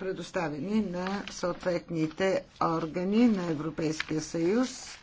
предоставени на съответните органи на Европейския съюз